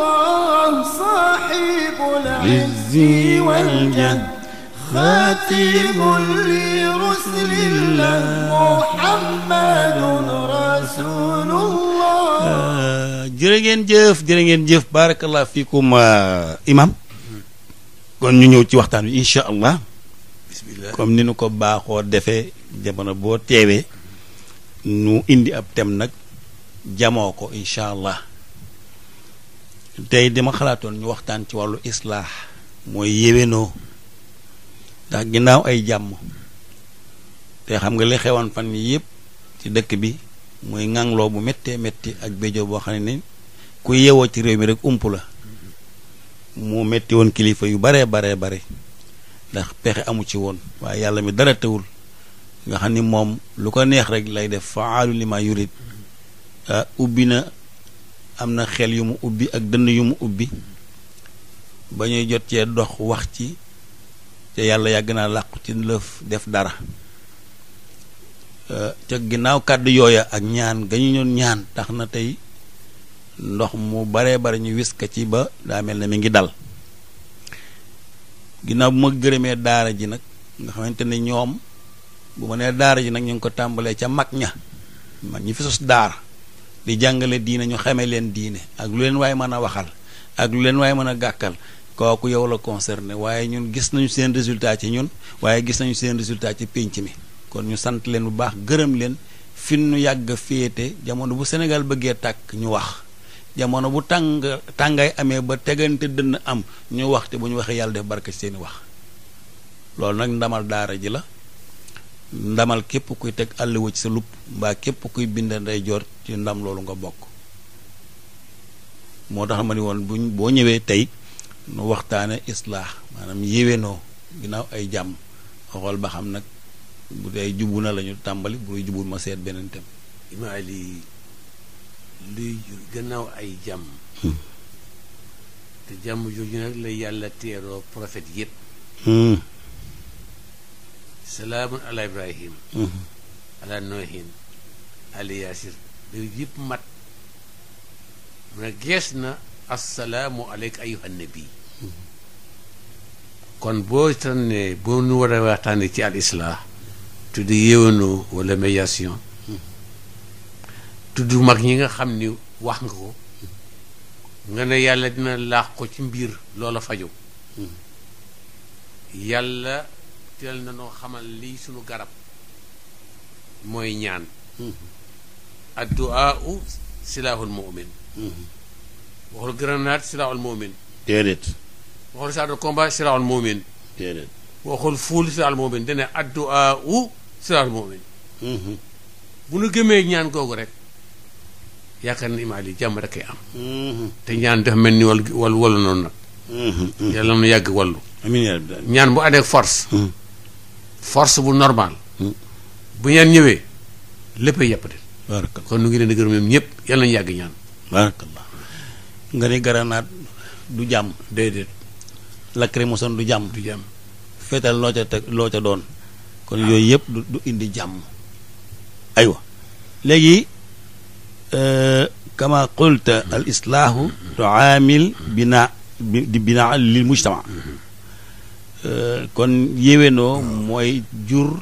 الله صاحب العز والجد خاتم لرسل الله محمد رسول الله jërë ngeen jëf jërë ngeen jëf barakallah fiikum imam kon ñu ñëw ci waxtaan wi incha allah bismillah comme ni nu ko baaxoo defee jamono boo teewee nu indi ab tem nag jamoo ko incha allah tey dama xalaatoon ñu waxtaan ci wàllu islaax mooy yéwénoo ndax ginnaaw ay jàmm te xam nga li xewoon fan yi yëpp ci dëkk bi mooy ŋàngloo bu mettee metti ak béjoo boo xam ne ni ku yewoo ci réew mi rek ump la mu métti woon kilifa yu baree baree bare ndax pexe amu ci woon waaye yàlla mi dara tewul nga xam ni moom lu ko neex rek lay def faalu li yurit ah, ubbi na am na xel yu mu ubbi ak dënn yu mu ubbi ba ñuy jot cee dox wax ci te yàlla yàgg naa làqu ci lëf def dara euh, ca ginnaaw kàddu yooya ak ñaan ga ñu ñoon ñaan tax na tey ndox mu baree bare ñu wis ka ci ba daa mel ne mi ngi dal ginnaaw bu ma gërëmee daara ji nag nga xamante ne ñoom bu ma nee daara ji nag ñu ngi ko tàmbalee ca mag ña mag ñi fi sos daara di jàngale diine ñu xamee leen diine ak lu leen waaye mën a waxal ak lu leen waaye mën a gàkkal kooku yow la concerné waaye ñun gis nañu seen résultat ci ñun waaye gis nañu seen résultat ci pénc mi kon ñu sant leen bu baax gërëm leen fi ñu yàgg féete jamono bu Sénégal bëggee tàkk ñu wax jamono bu tàng tàngaay amee ba tegante dënn am ñu wax te bu ñu waxee yàlla def barke ci seeni wax loolu nag ndamal daara ji la ndamal képp kuy teg àlluwa ci sa lupp mbaa képp kuy bind nday joor ci ndam loolu nga bokk moo tax ma ni woon buñ boo ñëwee tey nu waxtaane islaax maanaam yéwénoo ginnaaw ay jàmm xool ba xam nag bu dee jubu na la tàmbali bu jubul ma seet beneen tem imaali luy gannaaw ay jàmm hmm. te jàmm jooju nag la yàlla teeroo prophète yépp hmm. salaamu ala ibrahim ala noohin ali yaasir da yëpp mat mu ne gees na assalaamu aleyka ayuha nabi kon boo tànnee boo nu war a waxtaane ci al islah tudd yéwénoo wala médiation tudd mag ñi nga xam ni wax nga ko nga ne yàlla dina laax ko ci mbir loola fajo yàlla teel na noo xamal lii sunu garab mooy ñaan addu'a u silahul mu'min waxul grenade silahul mu'min déedéet waxul char mu'min waxul fuul silahul mu'min dene addu'a u silahul mu'min mm-hmm. bu nu gëmee ñaan googu rek yaakaar ni imaam yi jàmm rek am mm-hmm. te ñaan dafa mel ni wal wal noonu nag mm-hmm. yàlla na yàgg wallu ñaan bu ànd force force bu normal bu ñaan ñëwee léppay yeppati kon nu ngi leen di gërëm ñoom ñëpp yàlla nañu yàgg ñaan barakallah nga ne garanaat du jàmm déedéet lacrymogène du jàmm du jàmm feetal loo ca teg loo ca doon kon ah. yooyu yëpp du indi jàmm aywa léegi euh, kama qulta al islaahu mm-hmm. tuaamil binaa di binaa lil mujtama mm-hmm. Euh, kon yéwénoo mooy jur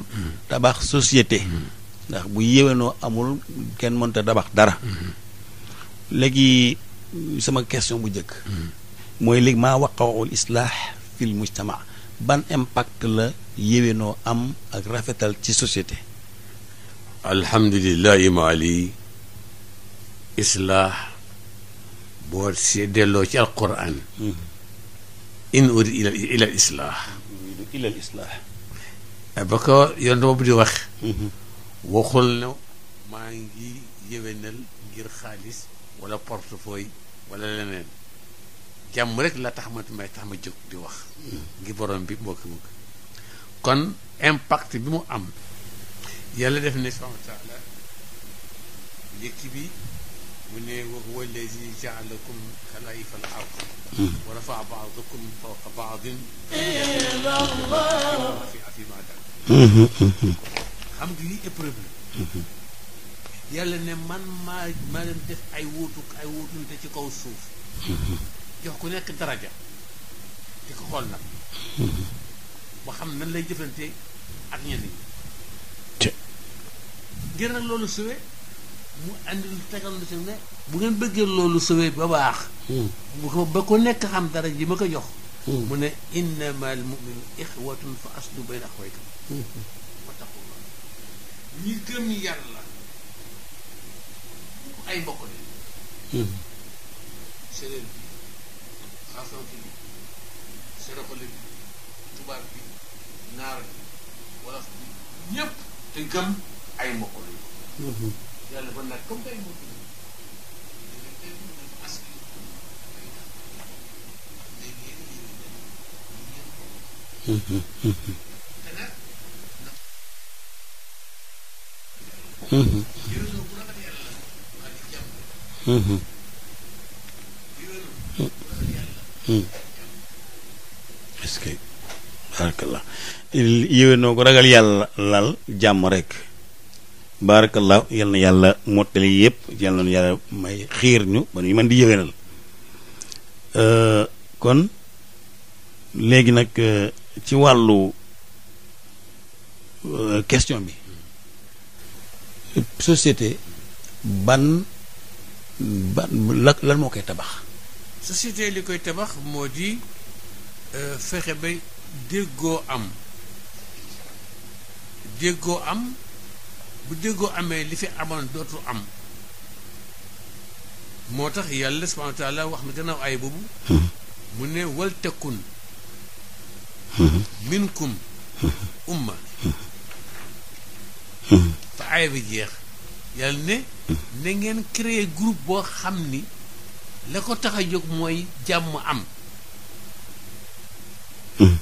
tabax société ndax bu yéwénoo amul kenn mënta dabax dara léegi sama question bu njëkk mooy léegi maa waqawul islaax fil mujtama ban impact la yéwénoo am ak rafetal ci société alhamdulillahi maali islaax boo si delloo ci alquran hmm. in urid ila ila al islah ila al islah ba ko yonent boobu di wax waxul ne maa ngi yëwénal ngir xaalis wala portefeuille walla leneen jàmm rek la tax ma may tax ma jóg di wax ngir borom bi mbokki mbokk kon impact bi mu am yàlla def ne subhanahu wa taala yëkki bi mu ne wallazi jaalakum xalaa'ifa al ard wa rafaa baadakum fawqa baadin xam nga lii épreuve la yàlla ne man ma ma leen def ay wuutu ay wuutunte ci kaw suuf jox ku nekk daraja di ko xool nag ba xam nan lay jëfante ak ñenn ñi ngir nag loolu suwe mu andi tegal lu si ne bu ngeen bëggee loolu sowee ba baax hmm. ba ko nekk xam dara ji ma ko jox hmm. mu ne innama al muminu ixwatun fa aslu bayna axwaykum moo hmm. tax ñi gëm yàlla ay mbokk lañ bi xasanti bi seraxole bi bi naar bi wolof bi ñépp te gëm ay mbokk lañ yàlla bon nag comme ko ragal yàlla lal jàmm rek baarakallah yal yàlla mottali yëpp yal na yàlla may xiir ñu ba ñu mën di yëwénal euh, kon léegi nag euh, ci wàllu euh, question bi société ban ban lan moo koy tabax société li koy tabax moo di fexe ba déggoo am déggoo am bu déggoo amee li fi amoon dootu am moo tax yàlla subhaanahu wa wax na gannaaw ay boobu mu ne wal tekkun minkum umma fa aaya bi jeex yàlla ne na ngeen créer groupe boo xam ni la ko tax a jóg mooy jàmm am hmm.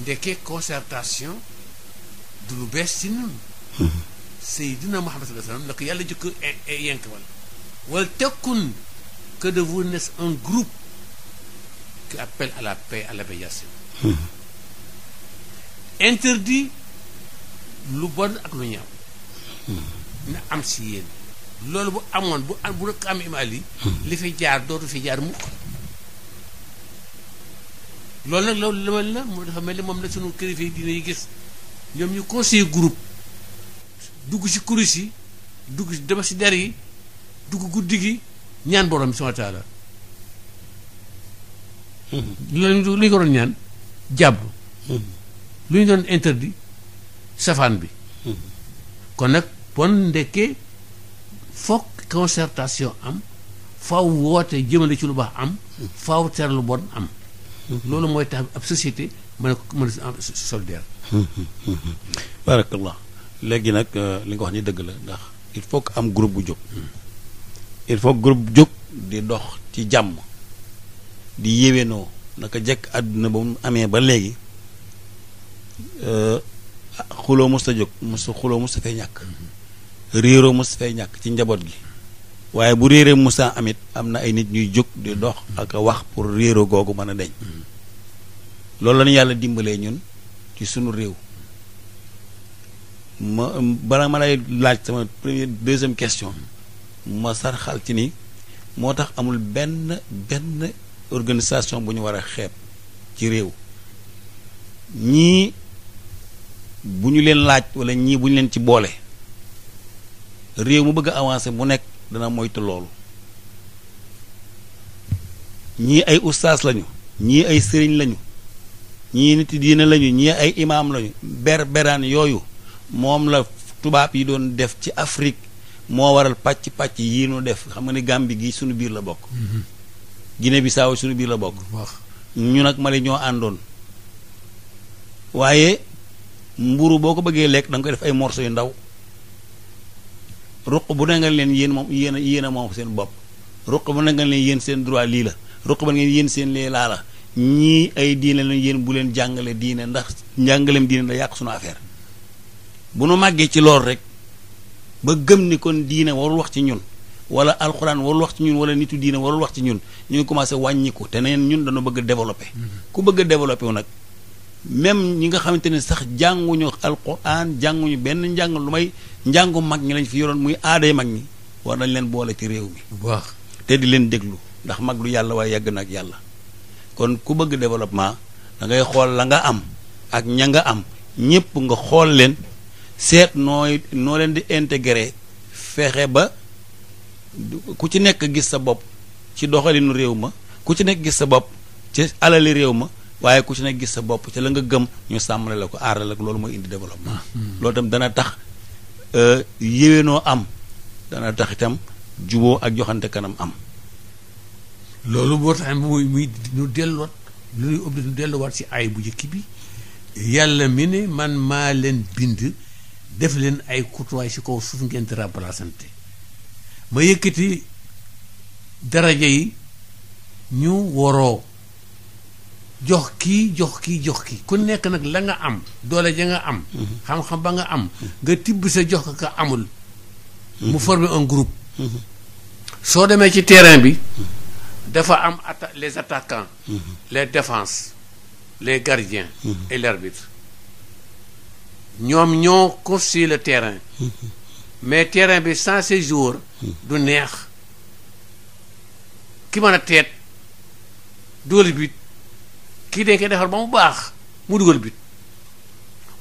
ndeke consertation du lu bees ci ñun Seydina Muhammad sallallahu alayhi wa yàlla jëkk yenkewal wal tekkun que de vous un groupe qui appelle à la paix à l'obéissance hmm. interdit lu bon ak lu ñaaw hmm. na am si yéen loolu bu amoon bu am bu rek am imaal yi hmm. li fi jaar dootu fi jaar mukk loolu nag loolu la mel na mu dafa mel ni moom la sunu kilifa yi dina yi gis ñoom ñu conseil groupe dugg ci kurus yi dugg dama ci der yi dugg guddi gi ñaan borom bi subhanahu wa taala hmm. lu ñu ko doon ñaan jàpp hmm. lu ñu doon interdit safaan bi hmm. kon nag bon ndekkee fokk consertation am faaw woote jëmale ci lu baax am faaw ter lu bon am loolu mooy tax ab société mën a mën a solidaire léegi nag euh, li nga wax ni dëgg la ndax il faut que am group bu jóg il faut que groupe jóg di dox ci jàmm di yéwénoo naka jekk àdduna ba mu amee ba léegi euh, xuloo mos a jóg mos a xuloo mos a fay ñàkk réeroo mos a fay ñàkk ci njaboot gi waaye bu réeree mos a amit am na ay nit ñuy jóg di dox ak wax pour réeroo googu mën a deñ mm-hmm. loolu la yàlla dimbalee ñun ci sunu réew ma balaa ma lay laaj sama première deuxième question ma sarxal ci ni moo tax amul benn benn organisation bu ñu war a xeeb ci réew ñii bu ñu leen laaj wala ñii bu ñu leen ci boole réew mu bëgg a avancer mu nekk dana moytu loolu ñii ay ustaas lañu ñii ay sëriñ lañu ñii nit diine lañu ñii ay imaam lañu ber yooyu moom la tubaab yi doon def ci Afrique moo waral pàcc pàcc yii nu def xam nga ne gàmbi gi suñu biir la bokk. bi mhm. Bissau suñu biir la bokk. ñu nag Mali ñoo àndoon waaye mburu boo ko bëggee lekk da koy def ay morceaux yu ndaw ruq bu ne nga leen yéen moom yéen a yéen a moom seen bopp ruq bu ne nga leen yéen seen droit lii la ruq ba ngeen yéen seen lee laa ñii ay diine la yéen bu leen jàngale diine ndax njàngaleem diine la yàq suñu affaire. bu nu màggee ci lool rek ba gëm ni kon diine warul wax ci ñun wala alxuraan warul wax ci ñun walla nitu diine warul wax ci ñun ñu ngi commencé wàññiku te neen ñun dañu bëgg a mm-hmm. ku bëgg a développé wu nag même ñi nga xamante ne sax jànguñu alxuraan jànguñu benn njàng lu may njàngu mag ñi lañ fi yoroon muy aaday mag ñi war nañ leen boole ci réew mi. bu baax te di leen déglu ndax mag lu yàlla waaye yàgg na ak yàlla kon ku bëgg développement da ngay xool la nga am ak ña nga am ñëpp nga xool leen. seet nooy noo leen di intégrer fexe ba ku ci nekk gis sa bopp ci doxalinu réew ma ku ci nekk gis sa bopp ci alali réew ma waaye ku ci nekk gis sa bopp ci la nga gëm ñu sàmmale la ko aar la ko loolu mooy indi développement. Hmm. loolu itam dana tax euh, yéwénoo am dana tax itam juboo ak joxante kanam am. loolu boo tax muy muy nu delluwaat lu ñuy obli nu delluwaat si ay bu njëkk bi yàlla mi ne man maa leen bind. def leen ay courtois si kaw suuf ngeen di remplaçante ma yëkkati daraja yi ñu woroo jox ki jox kii jox ki ku nekk nag la nga am doole ja nga am mhm. xam-xam ba nga am mhm. nga tibb sa jox ko ka amul mu mhm. former un groupe soo demee ci terrain bi dafa am atta les attaquants les défenses les gardiens et l'arbitre ñoom ñoo construit le terrain mm-hmm. mais terrain bi sans ces jours mm-hmm. du neex ki mën a teet dugal bit kii dañ koy defar ba mu baax mu dugal bit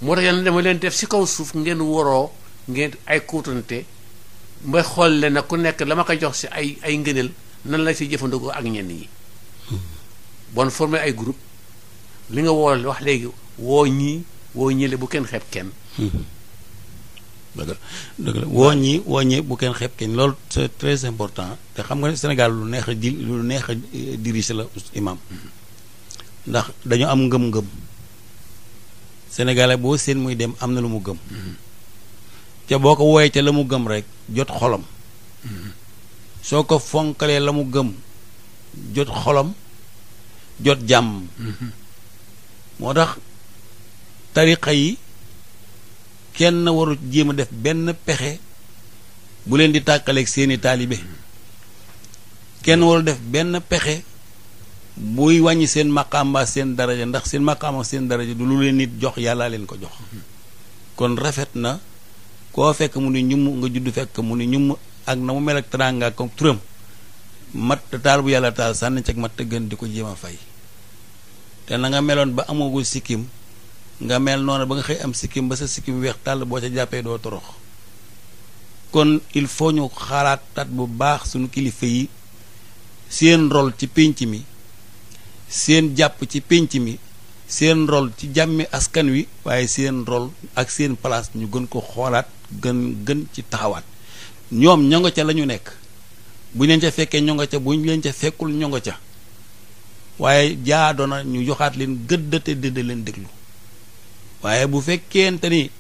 moo tax yàlla dama leen def si kaw suuf ngeen woroo ngeen ay kuutante mba xool leen nag ku nekk la ma ko jox si ay ay ngëneel nan la si jëfandikoo ak ñenn yi mm-hmm. bon formé ay group li nga woo wax léegi woo ñii woo ñële bu kenn xeeb kenn. Hmm. dëgg bu kenn xeeb kenn lool c'est très important te xam nga ne Sénégal lu neex a neex a eh, dirige la imam hmm. ndax dañu am ngëm-ngëm Sénégalais boo séen muy dem am na lu mu gëm hmm. te boo ko wooyee ca la mu gëm rek jot xolom soo ko fonkalee la mu gëm jot xolom jot jàmm moo tax tariqa yi kenn waru jéem a def benn pexe bu leen di tàkkaleek seeni taalibe kenn waru def benn pexe buy wàññi seen maqaamba seen daraja ndax seen maqaamba seen daraja du lu leen nit jox yàllaa leen ko jox kon rafet na koo fekk mu ni ñum nga judd fekk mu ni ñum ak na mu mel ak teraanga ak turam mat taal bu yàlla taal sànni ci ak mat gën di ko jéem a fay te na nga meloon ba amagul sikkim nga mel noonu ba nga xëy am sikkim ba sa sikkim weex tàll boo ca jàppee doo torox kon il faut ñu xalaatat bu baax suñu kilifa yi seen rol ci pénc mi seen jàpp ci pénc mi seen rôle ci jàmmi askan wi waaye seen rôle ak seen place ñu gën ko xoolaat gën gën ci taxawaat ñoom ñoo nga ca la ñu nekk bu leen ca fekkee ñoo nga ca bu ñu leen ca fekkul ñoo nga ca waaye jaadoona ñu joxaat leen gëddate dëdd leen déglu waaye bu fekkente ni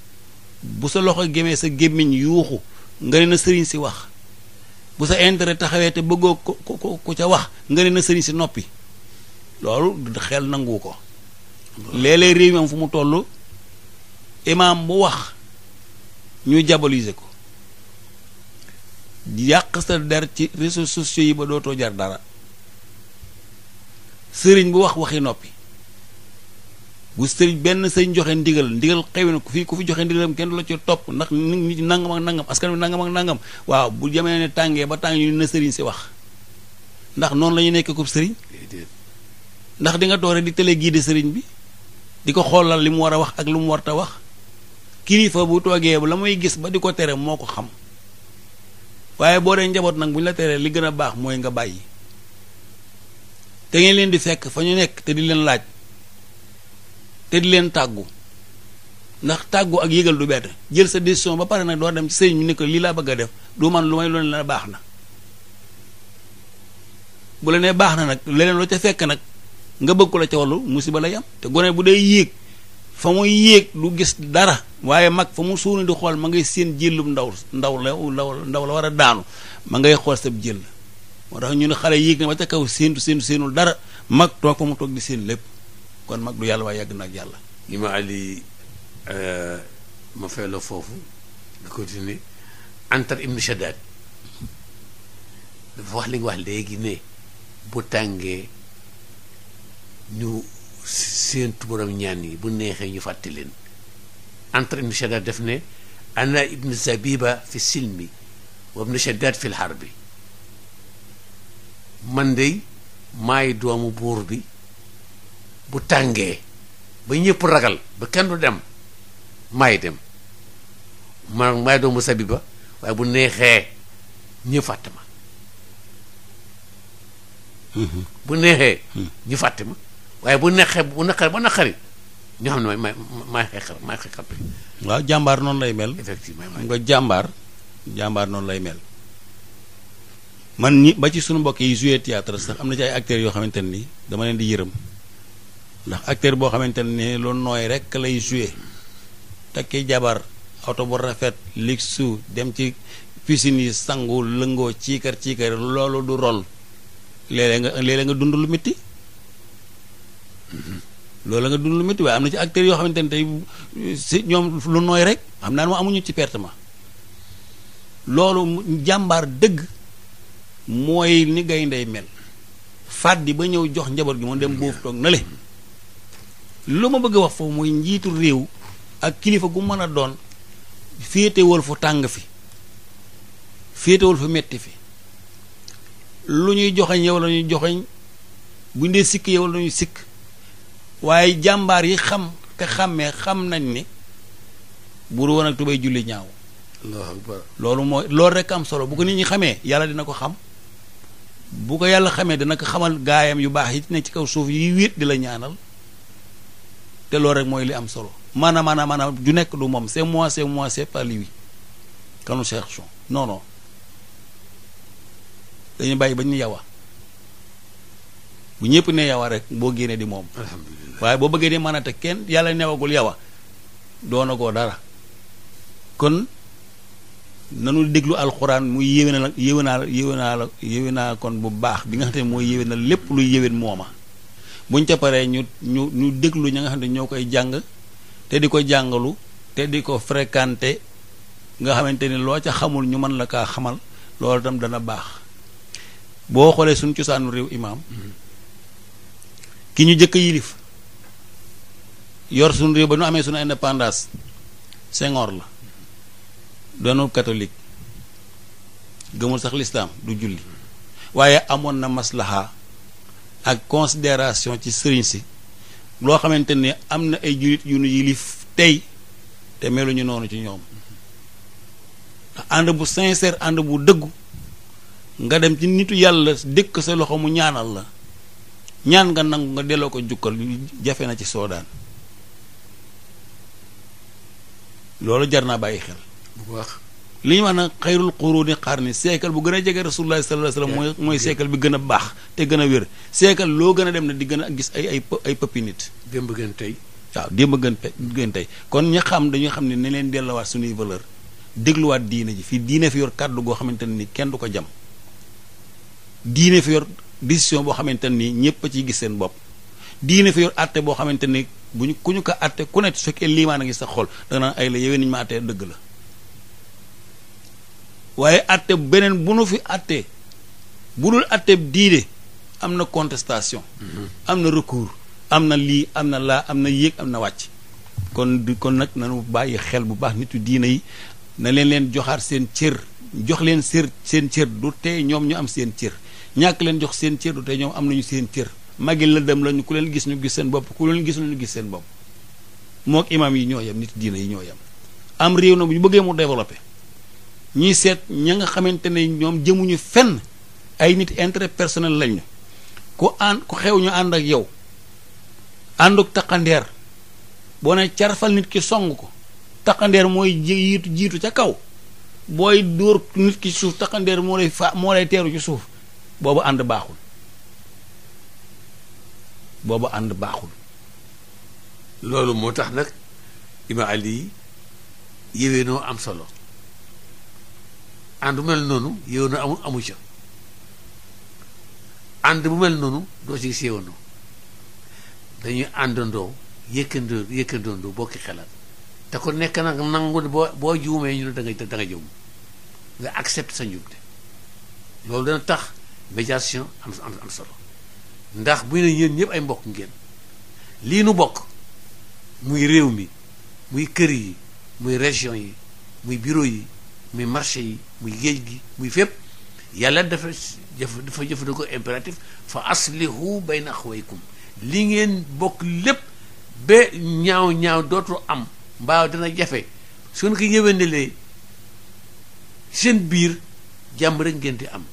bu sa loxo gémee sa gémmiñ yuuxu nga ne na sëriñ si wax bu sa intérêt taxawee te bëggoo ko ko ku ca wax nga ne na sëriñ si noppi loolu xel nangu ko léeg-léeg réew mi am fu mu toll imaam bu wax ñu jaboliser ko yàq sa der ci réseaux sociaux yi ba dootoo jar dara sëriñ bu wax waxi noppi bu sëriñ benn sëriñ joxe ndigal ndigal xewi na ku fi ku fi joxe ndigalam kenn du la ci topp ndax nit ñi nangam ak nangam askan wi nangam ak waaw bu jamee ne tàngee ba tàng ñu na sëriñ si wax ndax noonu lañu ñu nekk sëriñ ndax di nga doore di télé guide sëriñ bi di ko xoolal li mu war a wax ak lu mu warta wax kilifa bu toogee la muy gis ba di ko tere moo ko xam waaye boo dee njaboot nag bu ñu la teree li gën a baax mooy nga bàyyi te ngeen leen di fekk fa ñu nekk te di leen laaj te di leen tàggu ndax tàggu ak yëgal du benn jël sa décision ba pare nag doo dem ci sëriñ bi ne lii laa bëgg a def du man lu may loolu la baax na bu la baax na nag leneen loo ca fekk nag nga bëgg ko la ca wallu musiba la am te gone bu dee yéeg fa mu yéeg du gis dara waaye mag fa mu suuna di xool ma ngay seen jëllub ndaw ndaw la ndaw la war a daanu ma ngay xool seb jël moo tax ñu ne xale yéeg na ba ca kaw séentu séentu séenul dara mag toog fa mu toog lépp kon mag du yàlla waaye yàgg na ak yàlla li ma ali euh, ma fay la foofu nga continuer antar ibnu shaddaad dafa wax li nga wax léegi ne bu tàngee ñu séentu borom ñaan yi bu neexee ñu fàtte leen entre ibnu shaddaad def ne ana ibnu zabiba fi silmi wa ibnu shaddaad fi lxar bi man dey maay doomu buur bi bu tàngee ba ñëpp ragal ba kenn du dem may dem ma maay doomu sabi ba waaye bu neexee ñu fàtt ma mm-hmm. bu neexee mm. ñu fàtte ma waaye bu neexee bu naqari ba naqari ñoo xam ne may may xeexal may xeexal waaw jàmbaar noonu lay mel effectivement nga jàmbaar jàmbaar noonu lay mel man ñi ba ci sunu mbokk yi joué théâtre sax am na ci ay acteurs yoo xamante nii dama leen di yërëm ndax acteur boo xamante ne lu nooy rek lay joué takki jabar oto bu rafet ligsu dem ci piscine yi sangu lëngoo ciikar ciikar loolu du rôle léeg-léeg nga léeg nga dund lu métti loolu nga dund lu métti waaye am na ci acteurs yoo xamante ne tey si ñoom lu nooy rek xam naa ne amuñu ci perte ma loolu jàmbaar dëgg mooy ni gay gaynde mel fàddi ba ñëw jox njaboot gi mu dem boofu toog na le lu ma bëgg a wax foofu muy njiitu réew ak kilifa gu mën a doon féetewal fu tàng fi féetewal fu metti fi lu ñuy joxeñ yow la ñuy joxeñ bu ñu dee sikk yow la sikk waaye jàmbaar yi xam te xàmmee xam nañ ni buru woon ak tubay julli ñaaw loolu mooy loolu rek am solo bu ko nit ñi xamee yàlla dina ko xam bu ko yàlla xamee dina ko xamal gaayam yu baax yi ne ci kaw suuf yi wéet di la ñaanal te loolu rek mooy li am solo maanaam mana maanaam ju nekk du moom c'est mois c'est moi c'est pas lui que nous cherchons bàyyi ba ñu yawa bu ñëpp ne yawa rek boo génnee di moom waaye boo bëggee di maanaam te kenn yàlla newagul yawa doona koo dara kon nanu déglu alxuraan muy yéwénal yéwénal yéwénal yéwénal kon bu baax bi nga xam ne mooy yéwénal lépp luy yéwén mooma buñ ca paree ñu ñu ñu déglu ña nga xam ne ñoo koy jàng te di ko jàngalu te di ko fréquenté nga xamante ni loo ca xamul ñu mën la kaa xamal loolu itam dana baax boo xoolee suñ cosaanu réew imaam ki ñu jëkk yilif yor suñ réew ba ñu amee suñu indépendance Senghor la doonu katolik gëmul sax lislaam du julli waaye amoon na maslaha ak consideration ci sëriñ si loo xamante ni am na ay jullit yu nu yilif tey te meluñu noonu ci ñoom ànd bu sincère ànd bu dëggu nga dem ci nitu yàlla dëkk sa loxo mu ñaanal la ñaan nga nangu nga delloo ko jukkal jafe na ci soodaan loolu jar naa bàyyi xel bu baax li ñu wax na xayrul quruni qarni siècle bu gën a jege rasulullah sallallahu alayhi wasallam mooy mooy siècle bi gën a baax te gën a wér siècle loo gën a dem na di gën a gis ay ay ay pëppi nit démb gën waaw démb gën gën tey kon ñi xam dañuy xam ne ne leen delluwaat suñuy valeur dégluwaat diine ji fii diine fi yor kàddu goo xamante ne nii kenn du ko jam diine fi yor décision boo xamante nii ñëpp a ciy gis seen bopp diine fi yor àtte boo xamante ni bu ñu ku ñu ko àtte ku ne su fekkee liimaan a ngi sa xol da nga naan ay la yowee niñu ma àttee dëgg la waaye atte beneen bu nu fi atte bu dul atte diine am na contestation mm-hmm. am na recours am na lii am na laa am na yéeg am na wàcc kon di kon nag nanu bàyyi xel bu baax nitu diine yi na leen leen joxaat seen cër jox leen cër seen cër du tey ñoom ñu am seen cër ñàkk leen jox seen cër du tey ñoom am ñu seen cër magi la dem lañu ku leen gis ñu gis seen bopp ku leen gis ñu gis seen bopp mook imaam yi ñoo yem nit diina yi ñoo yem am réew na bu ñu bëggee mu développé ñuy seet ña nga xamante ne ñoom jëmuñu fenn ay nit intérêt personnel lañu ku ànd ku xew ñu ànd ak yow ànduk taqandeer boo ne carfal nit ki song ko taqandeer mooy jiitu jiitu ca kaw booy dóor nit ki suuf taqandeer moo lay fa moo lay teeru ci suuf boobu ànd baaxul boobu ànd baaxul loolu moo tax nag ima ali noo am solo ànd bu mel noonu yéwénoo amul amu ca ànd bu mel noonu doo ci gis yéwénoo dañuy àndandoo yëkkandoo yëkkandoondoo bokki xelal te ko nekk nag nangu boo juumee ñu ne da nga da nga juum nga accepte sa njuumte loolu dana tax médiation am am solo ndax bu ne yéen ñëpp ay mbokk ngéen lii nu bokk muy réew mi muy kër yi muy région yi muy bureau yi muy marché yi muy géej gi muy fépp yàlla dafa jëf dafa jëfandikoo impératif fa aslihu bayna axwaykum li ngeen bokk lépp ba ñaaw ñaaw dootu am mbaa dana jafe su ngeen ko yëwénelee seen biir jàmm rek ngeen di am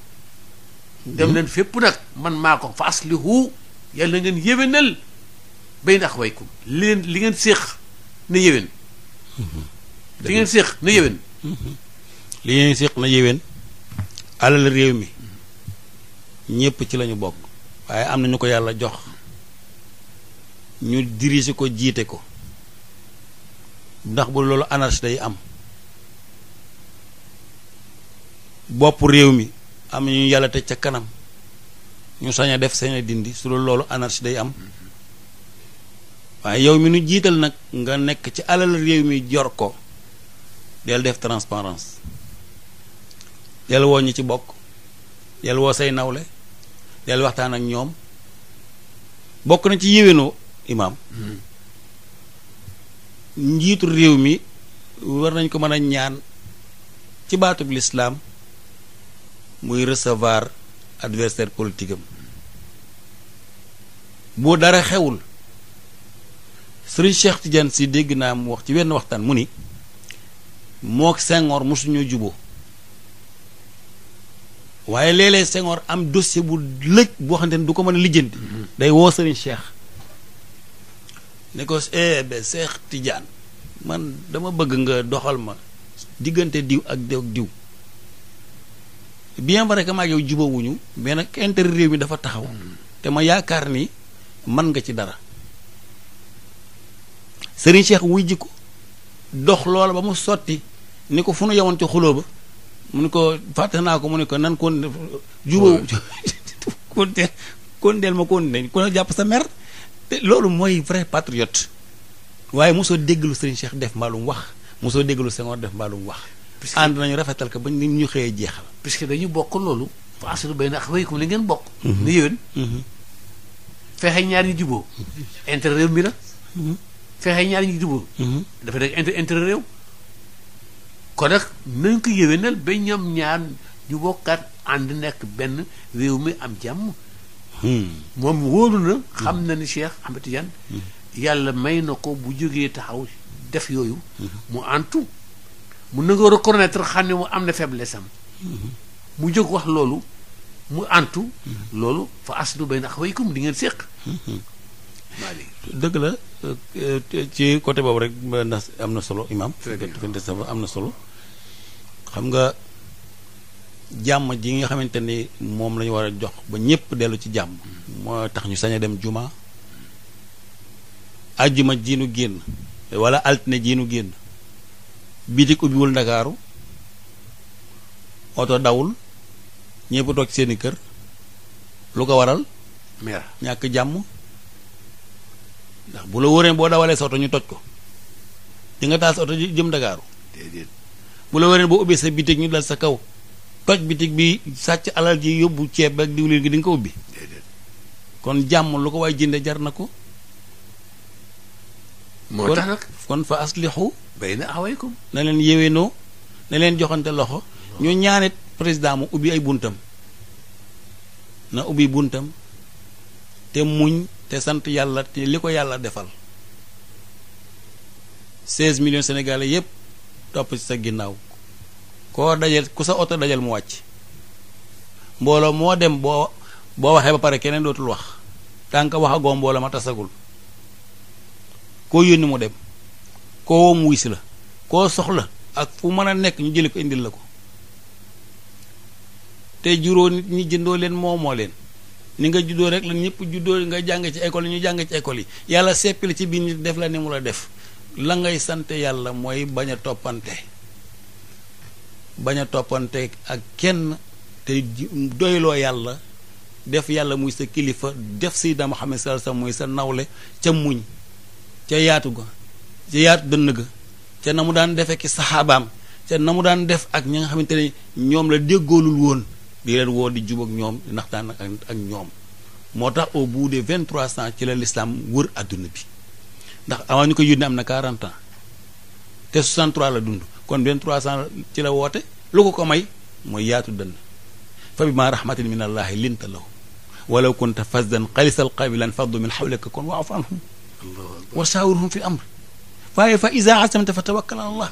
dem leen fépp nag man maa ko fa aslihu yàlla ngeen yëwénal bayna axwaykum li ngeen li ngeen séex na yëwén mhm. li ngeen séex na yëwén mhm. li ngeen séq na yéwén alal réew mi ñépp ci lañu bokk waaye am na ñu ko yàlla jox ñu dirige ko jiite ko ndax bu loolu anarchie day am bopp réew mi am na ñu yàlla teg ca kanam ñu sañ a def sañ dindi su loolu anarchie day am waaye yow mi nu jiital nag nga nekk ci alal réew mi jor ko del def transparence del woo ñi ci bokk del woo say nawle del waxtaan ak ñoom bokk na ci yéwénoo imaam hmm. njiitu réew mi war nañ ko mën a ñaan ci baatub lislaam muy recevoir adversaire politique am bu dara xewul sëriñ Cheikh Tidiane si dégg naa mu wax ci wenn waxtaan mu ni moo sengoor mosuñoo jubo waaye léeg-léeg am dossier bu lëj boo xamante ni du ko mën a lijjanti. Mhm. day woo Serigne Cheikh ne ko eh be Cheikh man dama bëgg nga doxal ma diggante diw ak diw ak diw bien vrai que maa yow jubawuñu mais nag intérêt réew mi dafa taxaw mhm. te ma yaakaar ni man nga ci dara Serigne Cheikh wuy ji ko dox loola ba mu sotti ni ko fu nu yewoon ci xuloo ba. mu ni ko fàtte naa ko mu ne ko nan kon jubóo kon deel kon deel ma kon ne ku la jàpp sa mer loolu mooy vrai patriote waaye mosoo dégglu Serigne Cheikh def mbaalum wax mosoo dégglu Senghor def mbaalum wax ànd nañu rafetal ko ba ni ñu xëyee jeexal puisque dañu bokk loolu fa asiru bay na ak waykum li ngeen bokk mhm. ni yéen mhm. fexe ñaar ñu jubóo mhm. intérêt réew mi la fexe ñaar ñu jubóo dafa nekk intérêt réew kon nag nañ ko yéwénal ba ñoom ñaar ñu bokkat ànd nekk benn réew mi am jàmm hmm. moom wóolu hmm. xam na ni Cheikh Ahmed Tidiane hmm. yàlla may na ko bu jógee taxaw def yooyu mu antu mu nangoo reconnaître xam ne mu am na faiblesse am mu jóg wax loolu mu antu loolu fa aslu bayna axawaykum di ngeen séq maa dëgg la ci côté boobu rek ndax am na solo imam fekkente am na solo xam nga jàmm ji nga xamante ni moom la war a jox ba ñépp dellu ci jàmm moo tax ñu sañ dem juma ajjuma ji nu génn wala altine ji nu génn bitik ubbiwul ndakaaru oto dawul ñépp toog seeni kër lu ko waral ñàkk jàmm ndax bu la wóoree boo dawalee sa oto ñu toj ko di nga taal sa oto jëm Dakaaru bu la wóoree boo ubbee sa bitig ñu dal sa kaw toj bitig bi sàcc alal ji yóbbu ceeb ak diwlin gi di ko ubbi kon jàmm lu ko waay jënde jar na ko moo tax nag kon fa aslihu bayna awaykum na leen yéwénoo na leen joxante loxo ñu ñaanit président mu ubbi ay buntam na ubbi buntam te muñ te sant yàlla te li ko yàlla defal 16 millions sénégalais yépp topp ci sa ginnaaw koo dajal ku sa oto dajal mu wàcc mbooloo moo dem boo boo waxee ba pare keneen dootul wax tànk wax agoo mbooloo ma tasagul koo yónni mu dem koo woom wuy la koo soxla ak fu mën a nekk ñu jëli ko indil la ko te juróo nit ñi jëndoo leen moomoo leen ni nga juddoo rek la ñëpp juddoo nga jàng ci école yi ñu jàng ci école yi yàlla seppi ci biir nit def la ni mu la def la ngay sant yàlla mooy bañ a toppante bañ a toppante ak kenn te doyloo yàlla def yàlla muy sa kilifa def Sayyidina Muhammad sallallahu alayhi sa muy sa nawle ca muñ ca yaatu ga ca yaatu dënn ga ca na mu daan defee ki saxaabaam ca na mu daan def ak ñi nga xamante ni ñoom la déggoolul woon di leen woo di jub ak ñoom di naxtaan ak ak ñoom moo tax au bout des vingt trois ans ci la l'islam wër adduna bi ndax avant ñu am na 40 ans te 63 la dund kon vingt trois ans ci la woote lu ko ko may mooy yaatu dënn fa bi ma rahmatin min allahi linta law walaw kunta fasdan xalisal qalbi lan faddu min xawlika kon waaf anhum wa saawirhum fi amr waaye fa iza azamta fa tawakkal ala allah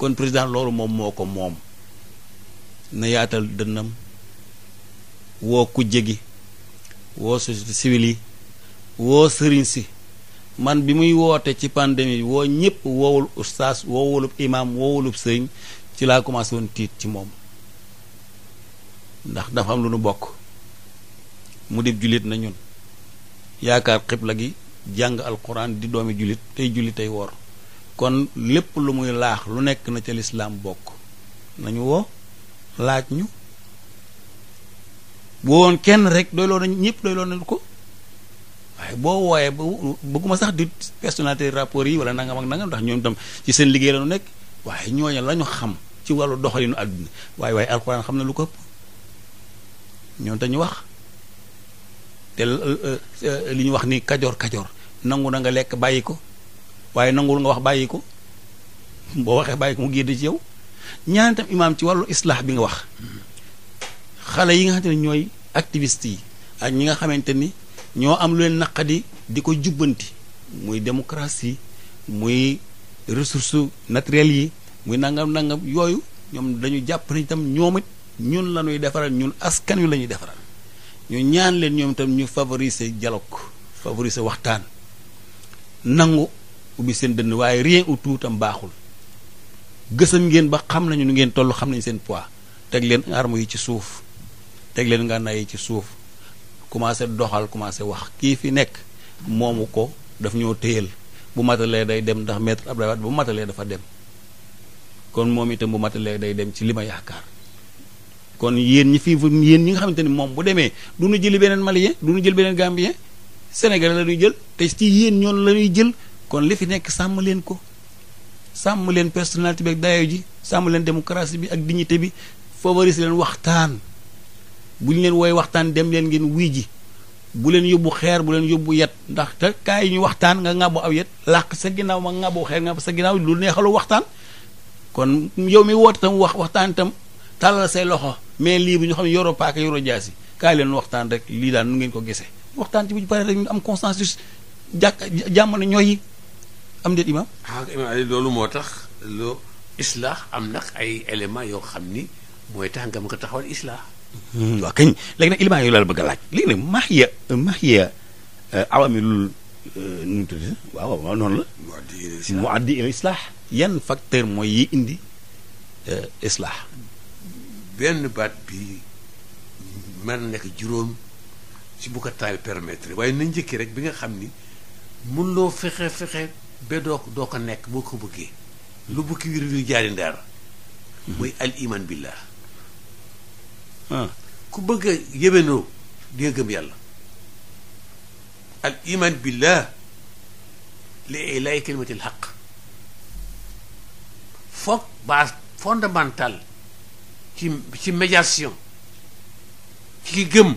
kon président loolu moom moo ko moom na yaatal dënnam woo kujje gi woo société civile yi woo sëriñ si man bi muy woote ci pandémie woo ñëpp woowul ustaas woowulub imaam woowulub sëriñ ci laa commencé woon tiit ci moom ndax dafa am lu nu bokk mu dib jullit na ñun yaakaar xibla gi jàng alquran di doomi jullit tey jullit tey woor kon lépp lu muy laax lu nekk na ca lislaam bokk nañu woo laaj ñu boo woon kenn rek doyloo nañ ñëpp doyloo na ko waaye boo wooyee bëgguma sax di personnalité rapport yi wala nangam ak nangam ndax ñoom tam ci seen liggéey la ñu nekk waaye ñooñu la ñu xam ci wàllu doxalinu àdduna waaye waaye alxuraan xam na lu ko ñoom dañu wax te euh, euh, li ñu wax ni kajoor kajoor nangu na nga lekk bàyyi ko waaye nangul nga wax bàyyi ko boo waxee bàyyi ko mu génn ci yow ñaan itam imaam ci wàllu islaax bi nga wax xale yi nga xamante ne ñooy activiste yi ak ñi nga xamante ni ñoo am lu leen naqadi di ko jubbanti muy démocratie muy ressources naturelles yi muy nangam nangam yooyu ñoom dañu jàpp ne itam ñoom it ñun la defaral ñun askan wi la ñuy defaral ñu ñaan leen ñoom itam ñu favoriser dialogue favoriser waxtaan nangu ubbi seen dënn waaye rien au tout tam baaxul gësam ngeen ba xam nañu nu ngeen toll xam nañu seen pois teg leen arme yi ci suuf teg leen ngànnaay yi ci suuf commencé doxal commencé wax kii fi nekk moomu ko daf ñoo téyal bu matalee day dem ndax maître Abdoulaye Wade bu matalee dafa dem kon moom itam bu matalee day dem ci li ma yaakaar kon yéen ñi fii yéen ñi nga xamante ni moom bu demee du ñu jëli beneen malien du ñu jël beneen gambien Sénégal la ñuy jël te ci yéen ñoonu la jël kon li fi nekk sàmm leen ko sàmm leen personnalité bi ak dayo ji sàmm leen démocratie bi ak dignité bi favoriser leen waxtaan bu ñu leen wooy waxtaan dem leen ngeen wuy ji bu leen yóbbu xeer bu leen yóbbu yet ndax kaa yi ñu waxtaan nga ŋàbbu aw yet làq sa ginnaaw ma ŋàbbu xeer nga sa ginnaaw lu neexalu waxtaan kon yow mi woote tam wax waxtaan tam tàllal say loxo mais lii bu ñu xam ne yoro paaka yoro jaasi kaay leen waxtaan rek lii daal nu ngeen ko gisee waxtaan ci bu ñu paree am consensus jàkk jàmm na ñooy am déet imaam ah, loolu moo tax loo islaax am nag ay éléments yoo xam ni mooy tax nga ma ko taxawal islaax hmm, waaw kañ léegi nag éléments yooyu laa la bëgg a laaj léegi nag mahiya mahiya euh, awamilul euh, nu mu tudd waaw waaw noonu la mu addi ila islaax yan facteur mooy yi indi euh, islaax benn baat bi man nekk juróom ci bu ko taal permettre waaye na njëkki rek bi nga xam ni mun loo fexe fexe ba doo ko nekk boo ko bëggee lu bukki wir wir jaari ndaar mhm. mooy al iman billah ah. ku bëgg a yéwénoo di nga gëm yàlla al iman billah li ilaay kalimatil xaq foog base fondamentale ci ci médiation ci ki gëm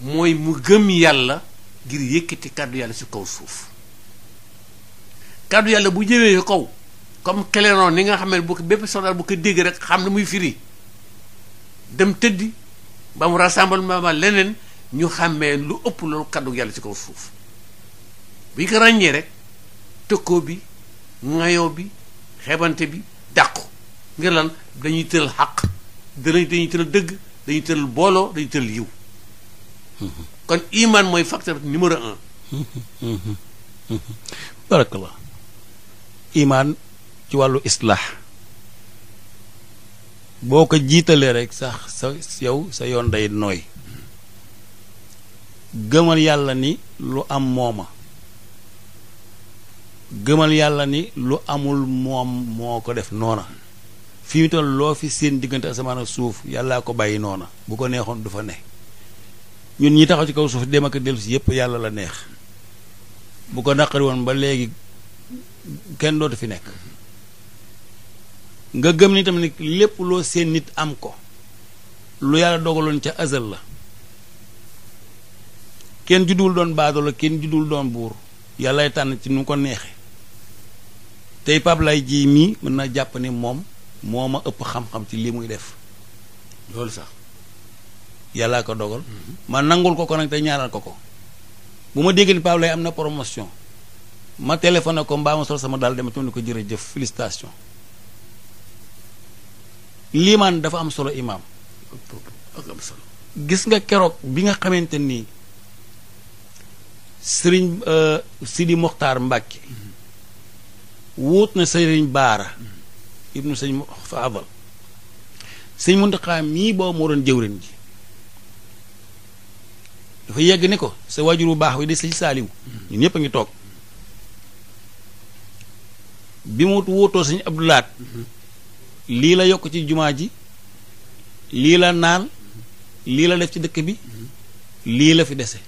mooy mu gëm yàlla ngir yëkkati kàddu yàlla si kaw suuf kàddu yàlla bu jëwee kaw comme clairon ni nga xam ne bu bépp soldat bu ko dégg rek xam ne muy firi dem tëddi ba mu rassemblement leneen ñu xàmmee lu ëpp loolu kàddu yàlla ci kaw foofu bi ko ràññee rek tëkkoo bi ŋayoo bi xebante bi dàqu ngir lan dañuy tëral xaq danañ dañuy tëral dëgg dañuy tëral booloo dañuy tëral yiw hmm. kon iman mooy facteur numéro un hmm. Hmm. imaan ci wàllu islaax boo ko jiitalee rek sax sa yow sa yoon day nooy gëmal yàlla ni lu am mooma gëmal yàlla ni lu amul moom moo ko def noona fi mu loo fi seen diggante asamaan ak suuf yàllaa ko bàyyi noona bu ko neexoon du fa ne ñun ñi taxaw ci kaw suuf dem ak dellu si yépp yàlla la neex bu ko naqari woon ba léegi kenn dootu fi nekk nga gëm ni tamit lépp loo seen nit am ko lu yàlla dogaloon ca azal la kenn judduwul doon baadoo la kenn judduwul doon buur yàlla tànn ci nu ko neexe tey Pape Lay ji mii mën na jàpp ne moom moo ma ëpp xam-xam ci lii muy def loolu sax yàllaa ko dogal mhm. ma nangul ko ko nag tey ñaaral ko ko bu ma dégg ni Pape Lay am na promotion ma téléphoné ko mbaam ma sol sama daal dem ci ma ne ko jërëjëf félicitation liimaan dafa am solo imaam gis nga keroog bi nga xamante nii sëriñ euh, Sidi Mokhtar Mbacke wut na sëriñ Baara ibnu sëñ Faadal sëñ Muntaxa mii boobu moo doon jëwrin ji dafa yegg ni ko sa waajur bu baax wi de sëñ Saaliw ñun ñëpp a ngi toog bi mu wóotoo sëñ Abdou Lahad lii la yokk ci jumaa ji lii la naal lii la def ci dëkk bi lii la fi dese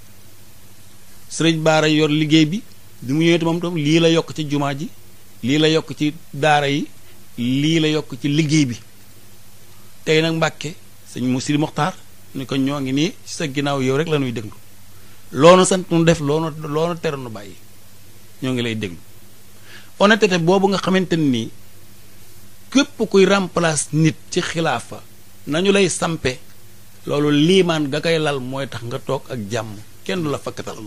sëriñ Baara yor liggéey bi bi mu ñëwee moom tam lii la yokk ci jumaa ji lii la yokk ci daara yi lii la yokk ci liggéey bi tey nag Mbàkke sëñ mu Sidi Moxtaar ni ko ñoo ngi nii ci sa ginnaaw yow rek lañuy ñuy déglu loonu sant nu def loonu loonu teru nu bàyyi ñoo ngi lay déglu honnêteté boobu nga xamante ni képp kuy remplace nit ci xilaafa nañu lay sampe loolu liimaan ga koy lal mooy tax nga toog ak jàmm kenn du la fakkatal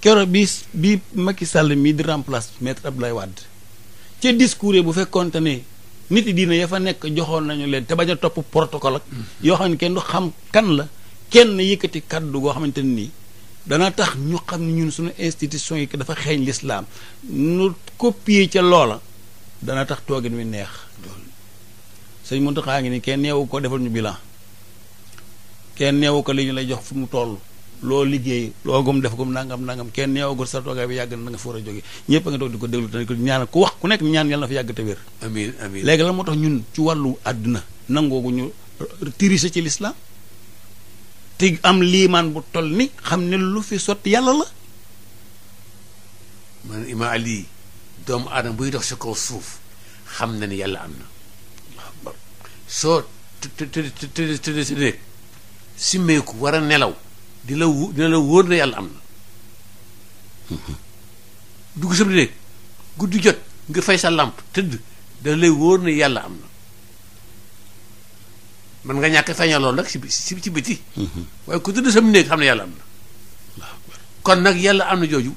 kero bi bi Macky Sall mii di remplace maître Abdoulaye Wade ca discours bu fekkonte ne nit yi diine ya fa nekk joxoon nañu leen te bañ a topp protocole ak mm. yoo xam kenn du xam kan la kenn yëkkati kàddu goo xamante ni dana tax ñu xam ne ñun suñu institution yi dafa xeeñ lislaam nu copier ca loola dana tax toogin wi neex sëñ Muntaxa ngi ni kenn neewu ko defal ñu bilan kenn neewu ko li ñu lay jox fu mu toll loo liggéey loogum def gum nangam nangam kenn neewagul sa toogaay bi yàgg na da nga foor a jóge ñëpp a nga toog di ko déglu te ko ñaan ku wax ku nekk ñaan yàlla na fa yàgg te wér amiin léegi lan moo tax ñun ci wàllu àdduna nangoogu ñu tirise ci lislaam te am liimaan bu toll ni xam ne lu fi sot yàlla la man Imaam Ali doomu aadama buy dox si ko suuf xam na ni yàlla am na soo të të të si néeg war a nelaw di la wó dina la wóor na yàlla am na dugg sab néeg guddi jot nga fay sa làmp tëdd dana lay wóor na yàlla am na mën nga ñàkk feeñal nag ci ci ci biti mhm. waaye ku tudd sam néeg xam ne yàlla am na kon nag yàlla am na jooju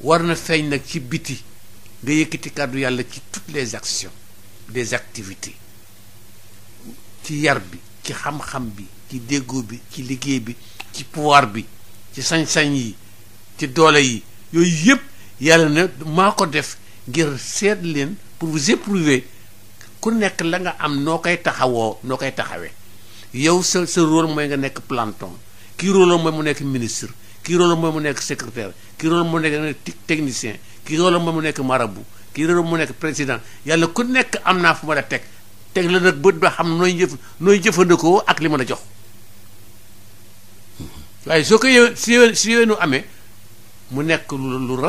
war na feeñ nag ci biti nga yëkkati kàddu yàlla ci toutes les actions des activités ci yar bi ci xam-xam bi ci déggoo bi ci liggéey bi ci pouvoir bi ci sañ-sañ yi ci doole yi yooyu yëpp yàlla ne maa ko def ngir seet leen pour vous éprouver ku nekk la nga am noo koy taxawoo noo koy taxawee yow sa sa rôle mooy nga nekk planton kii rôle mooy mu nekk ministre kii rôle mooy mu nekk secrétaire kii rôle mu nekk technicien kii rôle mooy mu nekk marabu kii rôle mu nekk président yàlla ku nekk am naa fu ma la teg teg la nag bët ba xam nooy jëf nooy jëfandikoo ak li ma la jox waaye soo ko yëwee si yëwee si yëwee nu amee mu nekk lu lu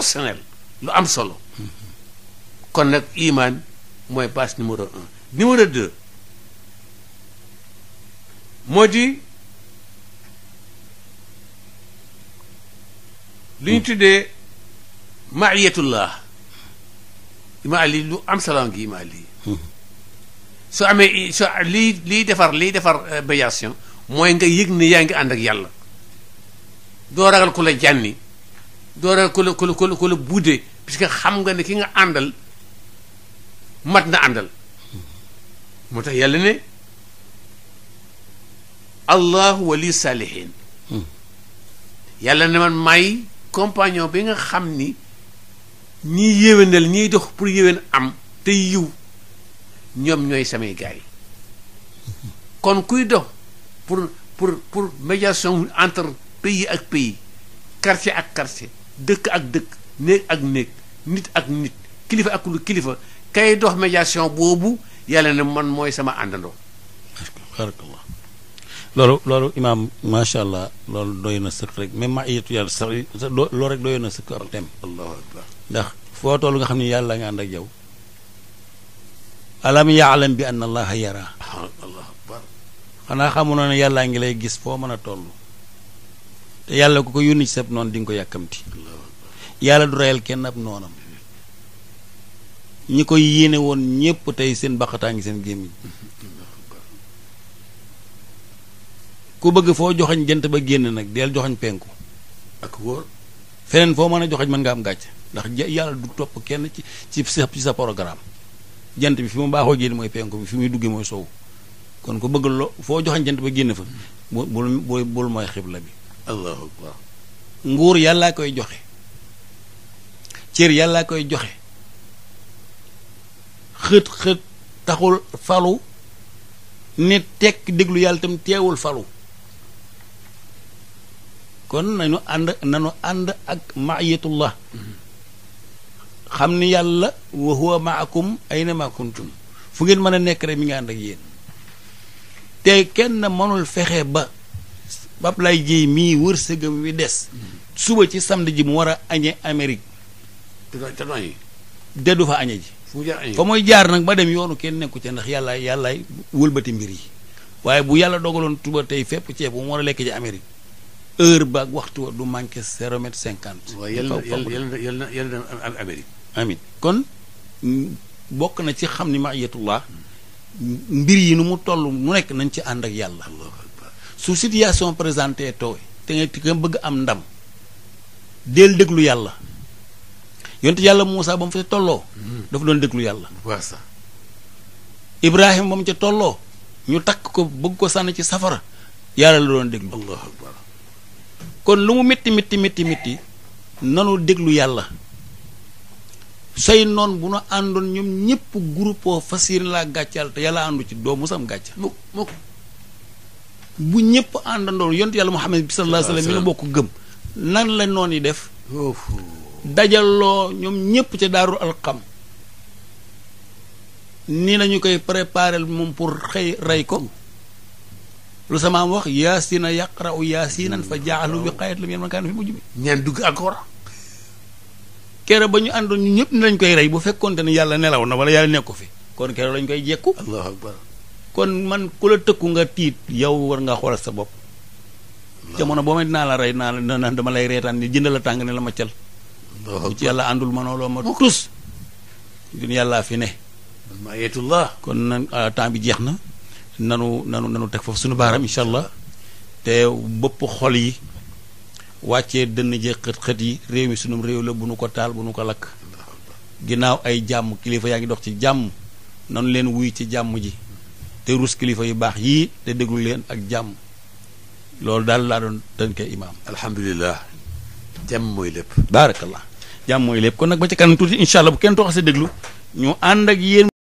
lu am solo kon nag imaan mooy bâche numéro un numéro deux moo di lu ñu hmm. tuddee maayatullah ima lii lu am solo ngi ima hmm. su amee su lii liy defar liy defar euh, médiation mooy nga yëg ne yaa ngi ànd ak yàlla doo ragal ku la jànni doo ragal ku la ku la ku la buddee puisque xam nga ne ki nga àndal mat na àndal moo tax yàlla ne allahu wali saalihin hmm. yàlla ne man may compagnon bi nga xam ni ñiy yéwénal ñiy dox pour yéwén am te yiw ñoom ñooy samay gars kon kuy dox pour pour pour médiation entre pays ak pays quartier ak quartier dëkk ak dëkk néeg ak néeg nit ak nit kilifa ak lu kilifa kay dox médiation boobu yàlla ne man mooy sama àndandoo. loolu loolu imaam macha allah loolu doy na sëkk rek même ma yetu yàlla sax loolu rek doy na sëkk ab tem. allahu akbar ndax foo toll nga xam ne yàlla nga ànd ak yow. alam yaalam bi anna allaha yara allahu akbar xanaa xamu na ne ngi lay gis foo mën a toll. te yàlla ku ko yónni ci sab noonu di nga ko yàkkamti. yàlla du reyal kenn ab noonam. ñi koy yéene woon ñépp tey seen baqataa ngi seen gémmiñ ku bëgg foo joxañ jant ba génn nag del joxañ penku ak feneen foo mën a joxañ mën nga am gàcc ndax yàlla du topp kenn ci ci sa ci sa programme jant bi fi mu baaxoo génne mooy penku bi fi muy duggee mooy sow kon ku bëgg lo foo joxañ jant ba génn fa bul bul bul mooy xibla bi allahu akbar nguur yàllaa koy joxe cër yàllaa koy joxe xët-xët taxul falu ne tekk déglu yàlla itam teewul falu kon nanu ànd nañu ànd ak maayatullah xam ni yàlla wa huwa maakum ayna ma kuntum fu ngeen mën a nekk rek mi nga ànd ak yéen te kenn mënul fexe ba bab lay jéy mii wërsëgam wi des suba ci samedi ji mu war a añe Amérique te du fa añe ji fa mooy jaar nag ba dem yoonu kenn nekku ca ndax yàllaay yàllaay wëlbati mbir yi waaye bu yàlla dogaloon tuba tey fépp ceeb bu mu war a lekk ci Amérique heure ba waxtu wa du manqué zéro mètre cinquante. waaw yal na yal na yal na Amérique. amiin kon bokk na ci xam ni maayatullah mbir yi nu mu toll mu nekk nañ ci ànd ak yàlla. su situation présenté tooy te nga bëgg am ndam del déglu yàlla. yonent yàlla Moussa ba mu fa tolloo. Mm-hmm. dafa doon déglu yàlla. waaw sax Ibrahima ba mu ca tolloo ñu takk ko bëgg ko sànn ci safara yàlla la doon déglu. allahu akbar kon lu mu métti métti métti nanu déglu yàlla say noon bu nu àndoon ñoom ñëpp groupe fas yéene laa gàccal te yàlla àndu ci doo musam gàcc. mukk mukk bu ñëpp àndandoo yonent yàlla Muhammad bi sallallahu alayhi wa nu bokk gëm nan la noon yi def. dajaloo ñoom ñépp ca daaru alxam nii lañu koy préparer moom pour xëy rey ko lu sama am wax yaasina yaqra'u yaasinan fa ja'alu wiqayat lam man kaana fi mujj bi ñaan dugg encore kere ba ñu àndoon ñu ñëpp ni lañ koy rey bu fekkoonte ne yàlla nelaw na wala yàlla nekk ko fi kon kere lañ koy jekku allahu akbar kon man ku la tëkku nga tiit yow war ngaa xoolal sa bopp jamono boo may dinaa la rey naa la dama lay reetaan ni jënd la tàng ne la ma cal bu ci yàlla àndul mënooloo ma tus ñun yàllaa fi ne maayatullah kon nan ah, temps bi jeex na nanu nanu nanu teg foofu suñu baaram incha allah te bëpp xol yi wàcce dënn jee xët xët yi réew mi sunum réew la bu nu ko taal bu nu ko lakk ginnaaw ay jàmm kilifa yaa ngi dox ci jàmm nanu leen wuy ci jàmm ji te rus kilifa yu baax yii te déglu leen ak jàmm loolu daal laa doon tënkee imaam alhamdulilah jàmm mooy lépp baarakallah jàmm mooy lépp kon nag ba tuuti incha allah bu kenn toxasee déglu ñu ànd ak